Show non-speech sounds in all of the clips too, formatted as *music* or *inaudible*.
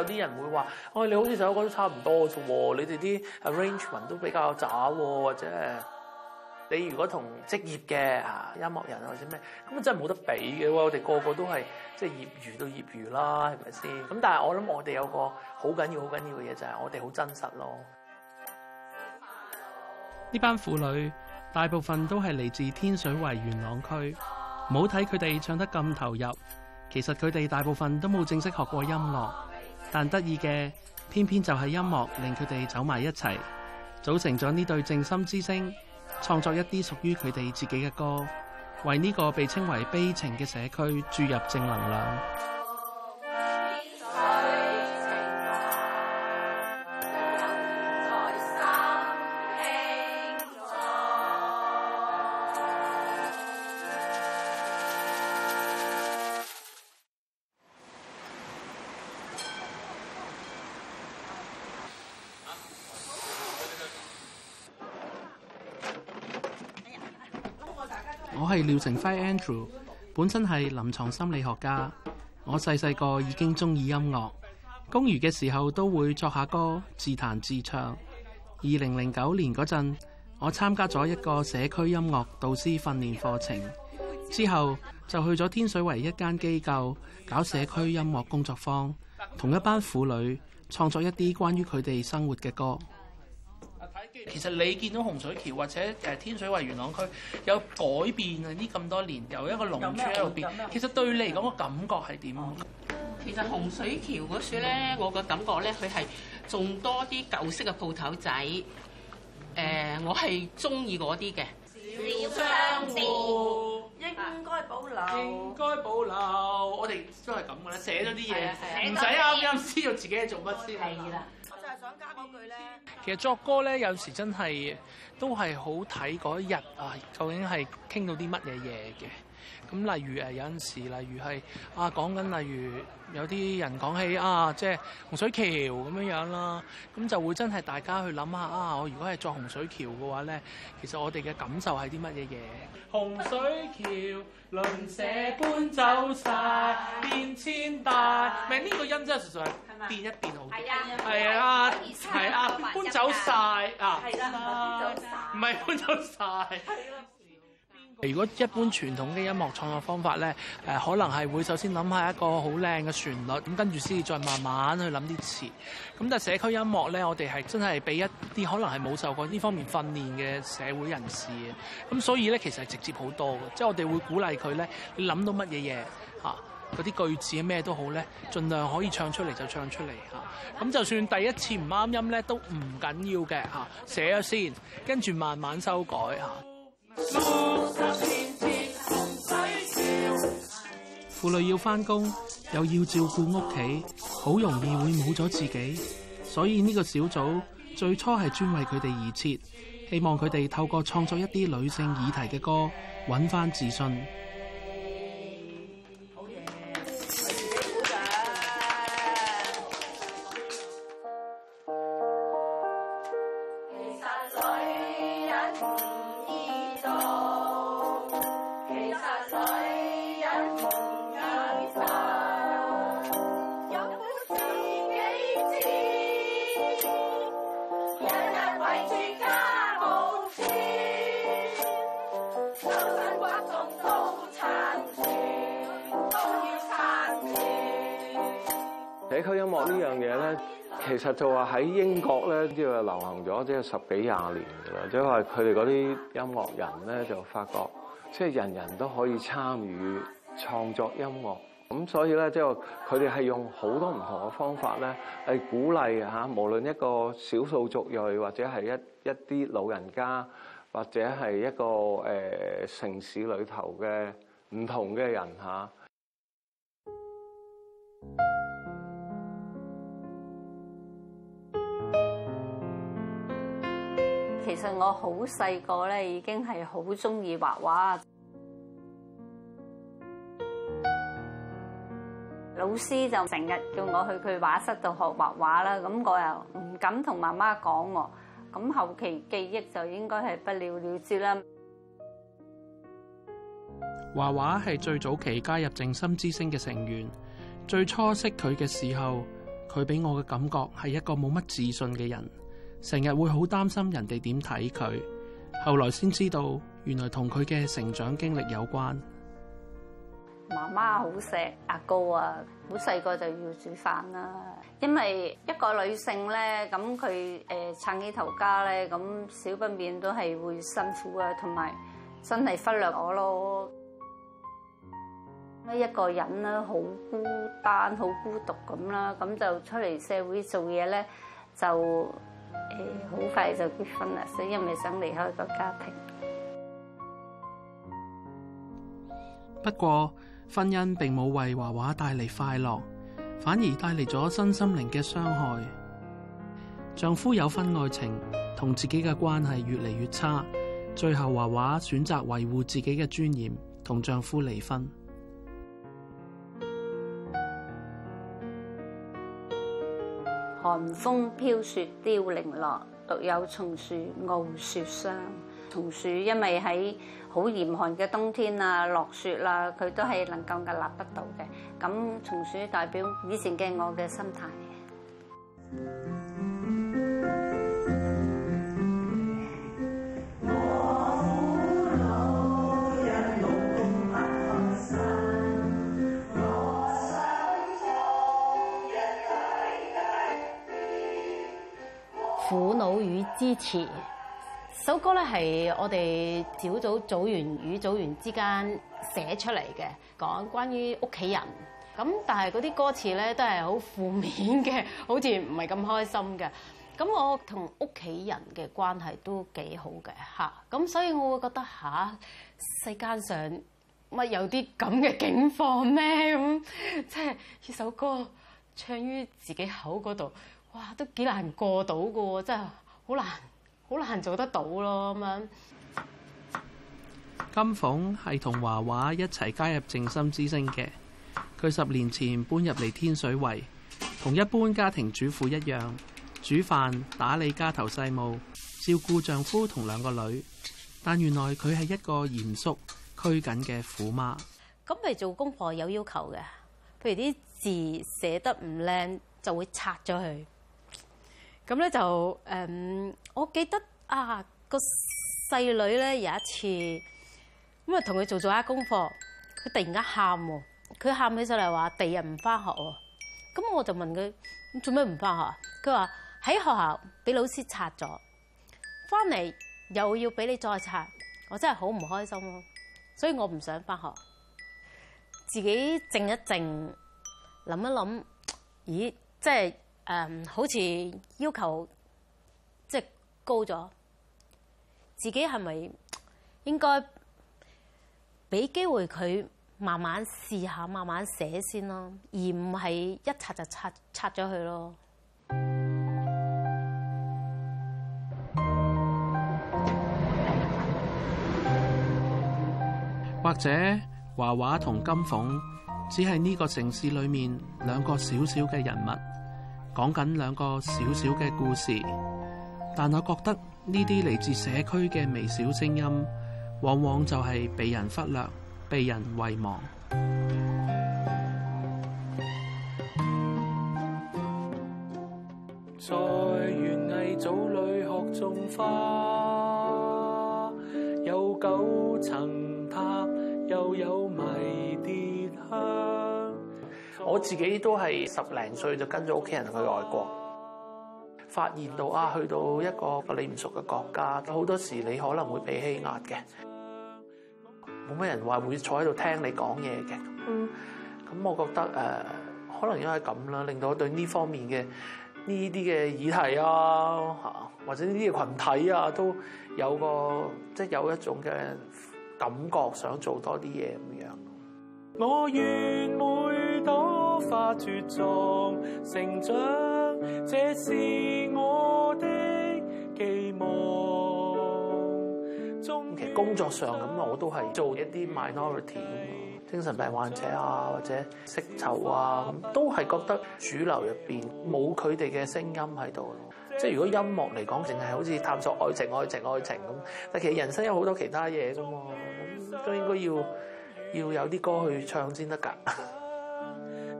有啲人會話：哎，你好似首歌都差唔多啫。你哋啲 arrangement 都比較渣，或者你如果同職業嘅啊音樂人或者咩，咁真係冇得比嘅。我哋個個都係即係業餘到業餘啦，係咪先？咁但係我諗我哋有個好緊要、好緊要嘅嘢就係我哋好真實咯。呢班婦女大部分都係嚟自天水圍元朗區。冇睇佢哋唱得咁投入，其實佢哋大部分都冇正式學過音樂。但得意嘅偏偏就係音樂令佢哋走埋一齊，組成咗呢對靜心之聲，創作一啲屬於佢哋自己嘅歌，為呢個被稱為悲情嘅社區注入正能量。我係廖承輝 Andrew，本身係臨牀心理學家。我細細個已經中意音樂，工餘嘅時候都會作下歌，自彈自唱。二零零九年嗰陣，我參加咗一個社區音樂導師訓練課程，之後就去咗天水圍一間機構搞社區音樂工作坊，同一班婦女創作一啲關於佢哋生活嘅歌。其實你見到洪水橋或者誒天水圍元朗區有改變啊？呢，咁多年由一個農村入面，其實對你嚟講個感覺係點啊？其實洪水橋嗰處咧，我個感覺咧，佢係仲多啲舊式嘅鋪頭仔。誒、呃，我係中意嗰啲嘅小商戶應該保留，應該保留。保留我哋都係咁嘅啦，寫咗啲嘢，唔使啱啱知道自己係做乜先係啦。想加句咧，其實作歌咧，有時真係。都係好睇嗰一日啊，究竟係傾到啲乜嘢嘢嘅？咁例如誒，有陣時，例如係啊，講緊，例如有啲人講起啊，即係洪水橋咁樣樣啦，咁就會真係大家去諗下啊，我如果係作洪水橋嘅話咧，其實我哋嘅感受係啲乜嘢嘢？洪水橋鄰舍搬走曬，變遷大，明呢、啊啊、個音真係純粹變一變好。係啊，係啊，搬走曬啊！啊唔係搬走 *laughs* 如果一般傳統嘅音樂創作方法咧，誒可能係會首先諗下一個好靚嘅旋律，咁跟住先至再慢慢去諗啲詞。咁但係社區音樂咧，我哋係真係俾一啲可能係冇受過呢方面訓練嘅社會人士，咁所以咧其實係直接好多嘅，即係我哋會鼓勵佢咧，你諗到乜嘢嘢嚇？嗰啲句子咩都好咧，盡量可以唱出嚟就唱出嚟嚇。咁就算第一次唔啱音咧，都唔緊要嘅嚇。寫咗先，跟住慢慢修改嚇。婦女要翻工，又要照顧屋企，好容易會冇咗自己。所以呢個小組最初係專為佢哋而設，希望佢哋透過創作一啲女性議題嘅歌，揾翻自信。呢樣嘢咧，其實就話喺英國咧，即係流行咗即係十幾廿年嘅啦。即係話佢哋嗰啲音樂人咧，就發覺即係人人都可以參與創作音樂。咁所以咧，即係佢哋係用好多唔同嘅方法咧，係鼓勵吓，無論一個少數族裔，或者係一一啲老人家，或者係一個誒城市裏頭嘅唔同嘅人吓。其實我好細個咧，已經係好中意畫畫。老師就成日叫我去佢畫室度學畫畫啦。咁我又唔敢同媽媽講喎。咁後期記憶就應該係不了了之啦。畫畫係最早期加入靜心之聲嘅成員。最初識佢嘅時候，佢俾我嘅感覺係一個冇乜自信嘅人。成日會好擔心人哋點睇佢，後來先知道原來同佢嘅成長經歷有關。媽媽好錫阿哥啊，好細個就要煮飯啦。因為一個女性咧，咁佢誒撐起頭家咧，咁少不免都係會辛苦啊，同埋真係忽略我咯。一個人咧，好孤單，好孤獨咁啦，咁就出嚟社會做嘢咧，就。誒，好、哎、快就結婚啦，所以因為想離開一個家庭。不過，婚姻並冇為華華帶嚟快樂，反而帶嚟咗身心靈嘅傷害。丈夫有婚外情，同自己嘅關係越嚟越差，最後華華選擇維護自己嘅尊嚴，同丈夫離婚。寒風飄雪凋零落，獨有松樹傲雪霜。松樹因為喺好嚴寒嘅冬天啊，落雪啦，佢都係能夠屹立得到嘅。咁松樹代表以前嘅我嘅心態。腦與支持，首歌咧係我哋小組組員與組員之間寫出嚟嘅，講關於屋企人。咁但係嗰啲歌詞咧都係好負面嘅，好似唔係咁開心嘅。咁我同屋企人嘅關係都幾好嘅，吓。咁所以我會覺得吓、啊，世界上乜有啲咁嘅境況咩？咁即係呢首歌唱於自己口嗰度。哇，都幾難過到嘅喎，真係好難好難做得到咯咁樣。金鳳係同華華一齊加入靜心之聲嘅。佢十年前搬入嚟天水圍，同一般家庭主婦一樣，煮飯、打理家頭細務、照顧丈夫同兩個女。但原來佢係一個嚴肅拘謹嘅虎媽。咁係做功課有要求嘅，譬如啲字寫得唔靚，就會拆咗佢。咁咧就誒、嗯，我記得啊、個細女咧有一次，咁啊同佢做咗下功課，佢突然間喊喎，佢喊起上嚟話：第日唔翻學喎。咁我就問佢：咁做咩唔翻學？佢話喺學校俾老師拆咗，翻嚟又要俾你再拆。我真係好唔開心咯。所以我唔想翻學，自己靜一靜，諗一諗，咦，即係。誒，好似要求即係高咗，自己係咪應該俾機會佢慢慢試下，慢慢寫先咯，而唔係一拆就拆咗佢咯。或者，華華同金鳳只係呢個城市裏面兩個小小嘅人物。講緊兩個小小嘅故事，但我覺得呢啲嚟自社區嘅微小聲音，往往就係被人忽略、被人遺忘。我自己都係十零歲就跟咗屋企人去外國，發現到啊，去到一個你唔熟嘅國家，好多時你可能會被欺壓嘅，冇咩人話會坐喺度聽你講嘢嘅。嗯，咁我覺得誒、呃，可能因為咁啦，令到我對呢方面嘅呢啲嘅議題啊，吓，或者呢啲嘅群體啊，都有個即係、就是、有一種嘅感覺，想做多啲嘢咁樣。我願、哦成長，這是我的寄望。其實工作上咁啊，我都係做一啲 minority 咁，精神病患者啊，或者釋囚啊，都係覺得主流入邊冇佢哋嘅聲音喺度咯。即係如果音樂嚟講，淨係好似探索愛情、愛情、愛情咁，但其實人生有好多其他嘢噶嘛，都應該要要有啲歌去唱先得噶。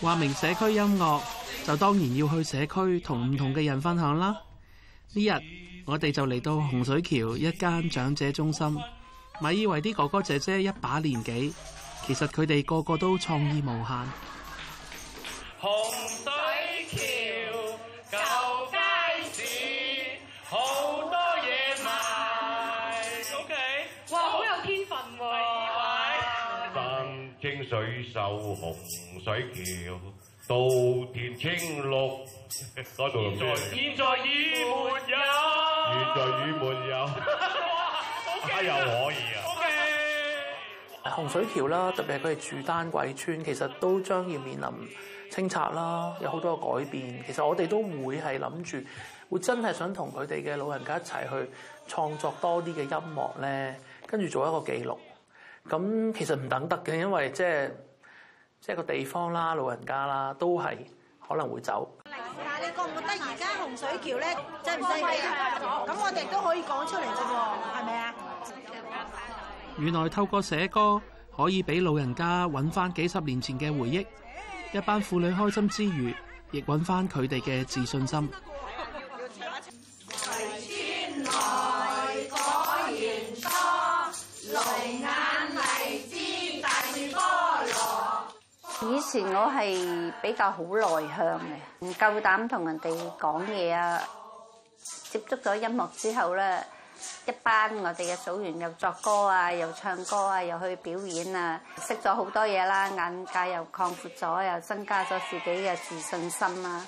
話明社區音樂就當然要去社區同唔同嘅人分享啦。呢日我哋就嚟到洪水橋一間長者中心，咪以為啲哥哥姐姐一把年紀，其實佢哋個個都創意無限。水秀洪水橋，到田青綠。現在現在已沒有，現在已沒有。加油！又可以啊！洪水橋啦，特別係佢哋住丹桂村，其實都將要面臨清拆啦，有好多嘅改變。其實我哋都會係諗住，會真係想同佢哋嘅老人家一齊去創作多啲嘅音樂咧，跟住做一個記錄。咁其實唔等得嘅，因為即係即係個地方啦、老人家啦，都係可能會走。但係你覺唔覺得而家洪水橋咧，真係唔細啊？咁我哋都可以講出嚟嘅喎，係咪啊？原來透過寫歌可以俾老人家揾翻幾十年前嘅回憶，一班婦女開心之餘，亦揾翻佢哋嘅自信心。以前我係比較好內向嘅，唔夠膽同人哋講嘢啊！接觸咗音樂之後咧，一班我哋嘅組員又作歌啊，又唱歌啊，又去表演啊，識咗好多嘢啦，眼界又擴闊咗，又增加咗自己嘅自信心啦。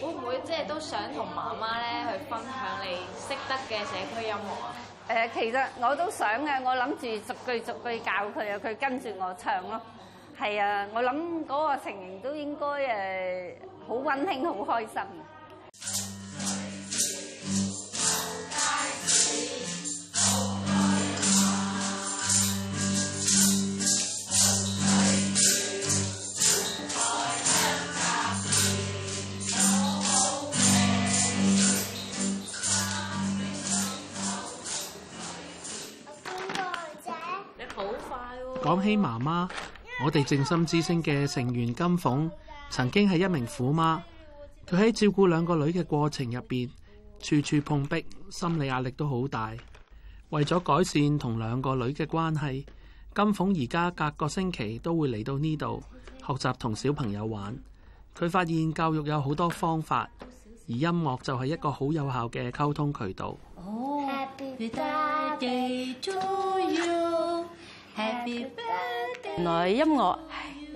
會唔會即係都想同媽媽咧去分享你識得嘅社區音樂啊？誒，其實我都想嘅，我諗住逐句逐句教佢啊，佢跟住我唱咯。係啊，我諗嗰個情形都應該誒，好溫馨，好開心。希媽媽，我哋靜心之聲嘅成員金鳳，曾經係一名虎媽，佢喺照顧兩個女嘅過程入邊，處處碰壁，心理壓力都好大。為咗改善同兩個女嘅關係，金鳳而家隔個星期都會嚟到呢度學習同小朋友玩。佢發現教育有好多方法，而音樂就係一個好有效嘅溝通渠道。Oh, Happy 原來音樂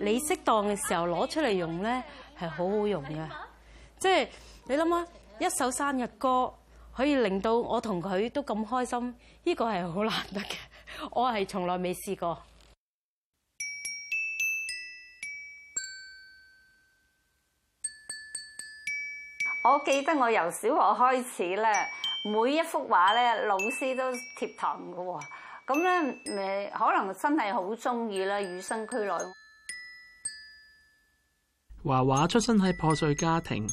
你適當嘅時候攞出嚟用咧，係好好用嘅，即係你諗下一首生日歌可以令到我同佢都咁開心，呢個係好難得嘅，我係從來未試過。我記得我由小學開始咧，每一幅畫咧，老師都貼堂㗎喎。咁咧，誒可能真係好中意啦，與生俱來。華華出生喺破碎家庭，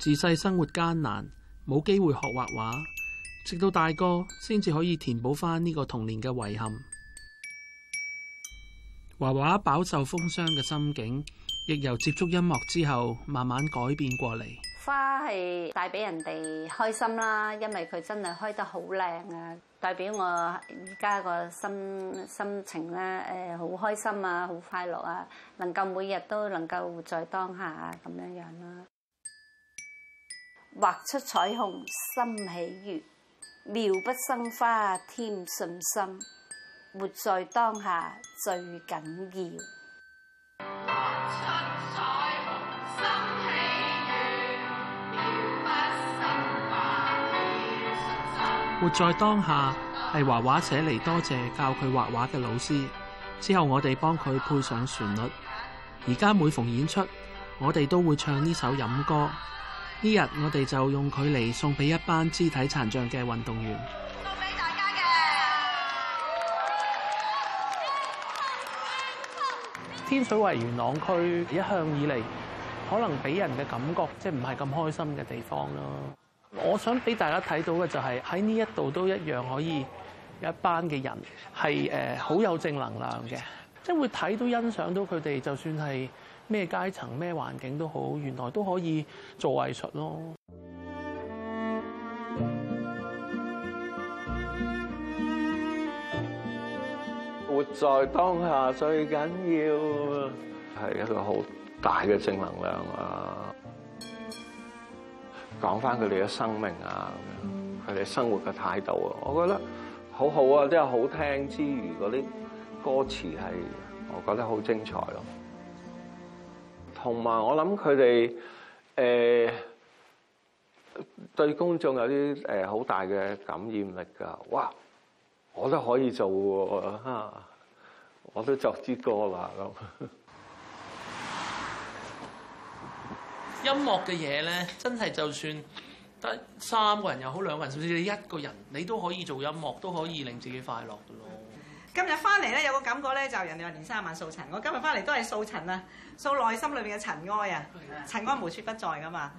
自細生活艱難，冇機會學畫畫，直到大哥先至可以填補返呢個童年嘅遺憾。華華飽受風霜嘅心境，亦由接觸音樂之後慢慢改變過嚟。花係帶俾人哋開心啦，因為佢真係開得好靚啊！代表我而家個心心情咧，誒好開心啊，好快樂啊，能夠每日都能夠活在當下啊，咁樣樣啦。畫出彩虹心喜悅，妙筆生花添信心，活在當下最緊要。畫出彩虹心喜悅。活在當下係華華寫嚟多謝教佢畫畫嘅老師。之後我哋幫佢配上旋律。而家每逢演出，我哋都會唱呢首飲歌。呢日我哋就用佢嚟送俾一班肢體殘障嘅運動員。送俾大家嘅。天水圍元朗區一向以嚟，可能俾人嘅感覺即係唔係咁開心嘅地方咯。我想俾大家睇到嘅就係喺呢一度都一樣可以有一班嘅人係誒好有正能量嘅，即係會睇到欣賞到佢哋，就算係咩階層咩環境都好，原來都可以做藝術咯。活在當下最緊要係一個好大嘅正能量啊！講翻佢哋嘅生命啊，佢哋生活嘅態度啊，我覺得好好啊！即係好聽之餘，嗰啲歌詞係我覺得好精彩咯。同埋我諗佢哋誒對公眾有啲誒好大嘅感染力㗎。哇！我都可以做喎，我都作支歌啦，咁。音樂嘅嘢咧，真係就算得三個人又好，兩個人，甚至你一個人，你都可以做音樂，都可以令自己快樂嘅咯。今日翻嚟咧，有個感覺咧，就人哋話年卅晚掃塵，我今日翻嚟都係掃塵啊，掃內心裏邊嘅塵埃啊，塵埃無處不在噶嘛。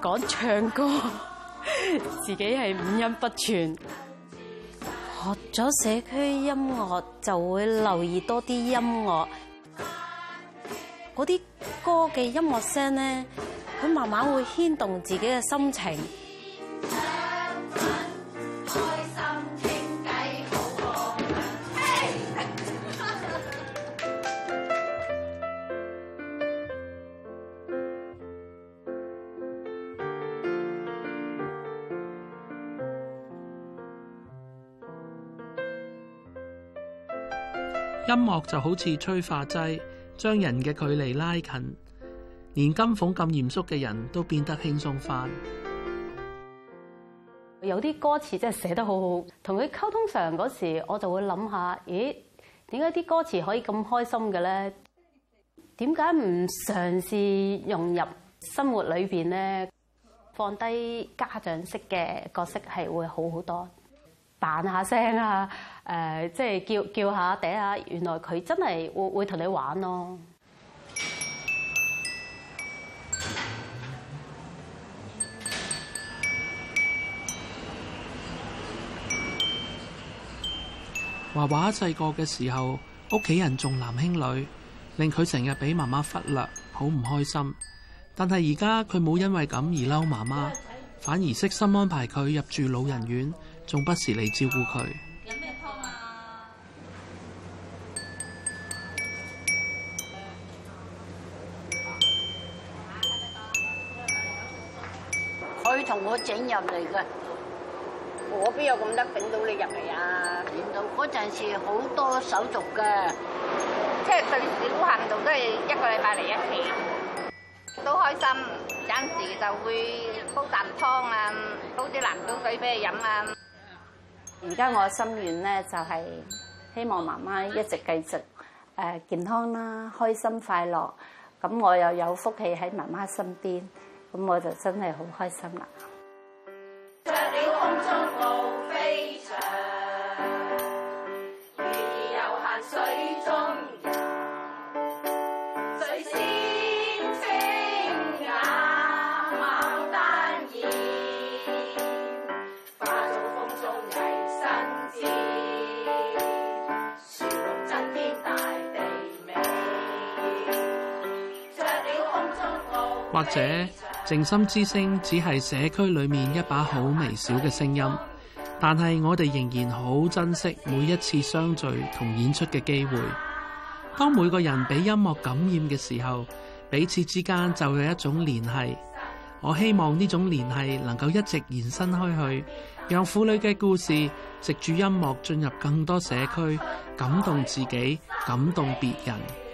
講唱歌，自己係五音不全。學咗社區音樂，就會留意多啲音樂。嗰啲歌嘅音樂聲呢，佢慢慢會牽動自己嘅心情。音樂就好似催化劑，將人嘅距離拉近，連金鳳咁嚴肅嘅人都變得輕鬆返。有啲歌詞真係寫得好好，同佢溝通上嗰時，我就會諗下：咦，點解啲歌詞可以咁開心嘅咧？點解唔嘗試融入生活裏邊咧？放低家長式嘅角色係會好好多。扮下聲啊！誒，即係叫叫下、嗲下，原來佢真係會會同你玩咯。華華細個嘅時候，屋企人重男輕女，令佢成日俾媽媽忽略，好唔開心。但係而家佢冇因為咁而嬲媽媽。反而悉心安排佢入住老人院，仲不時嚟照顧佢。飲咩湯啊？佢同我整入嚟噶，我邊有咁得整到你入嚟啊？整到嗰陣時好多手續嘅，即係最少限度都係一個禮拜嚟一次，都開心。有陣時就會煲啖湯啊，煲啲蘭州水俾佢飲啊。而家我嘅心願咧就係希望媽媽一直繼續誒健康啦，開心快樂。咁我又有福氣喺媽媽身邊，咁我就真係好開心啦。或者靜心之聲只係社區裏面一把好微小嘅聲音，但係我哋仍然好珍惜每一次相聚同演出嘅機會。當每個人俾音樂感染嘅時候，彼此之間就有一種聯繫。我希望呢種聯繫能夠一直延伸開去，讓婦女嘅故事藉住音樂進入更多社區，感動自己，感動別人。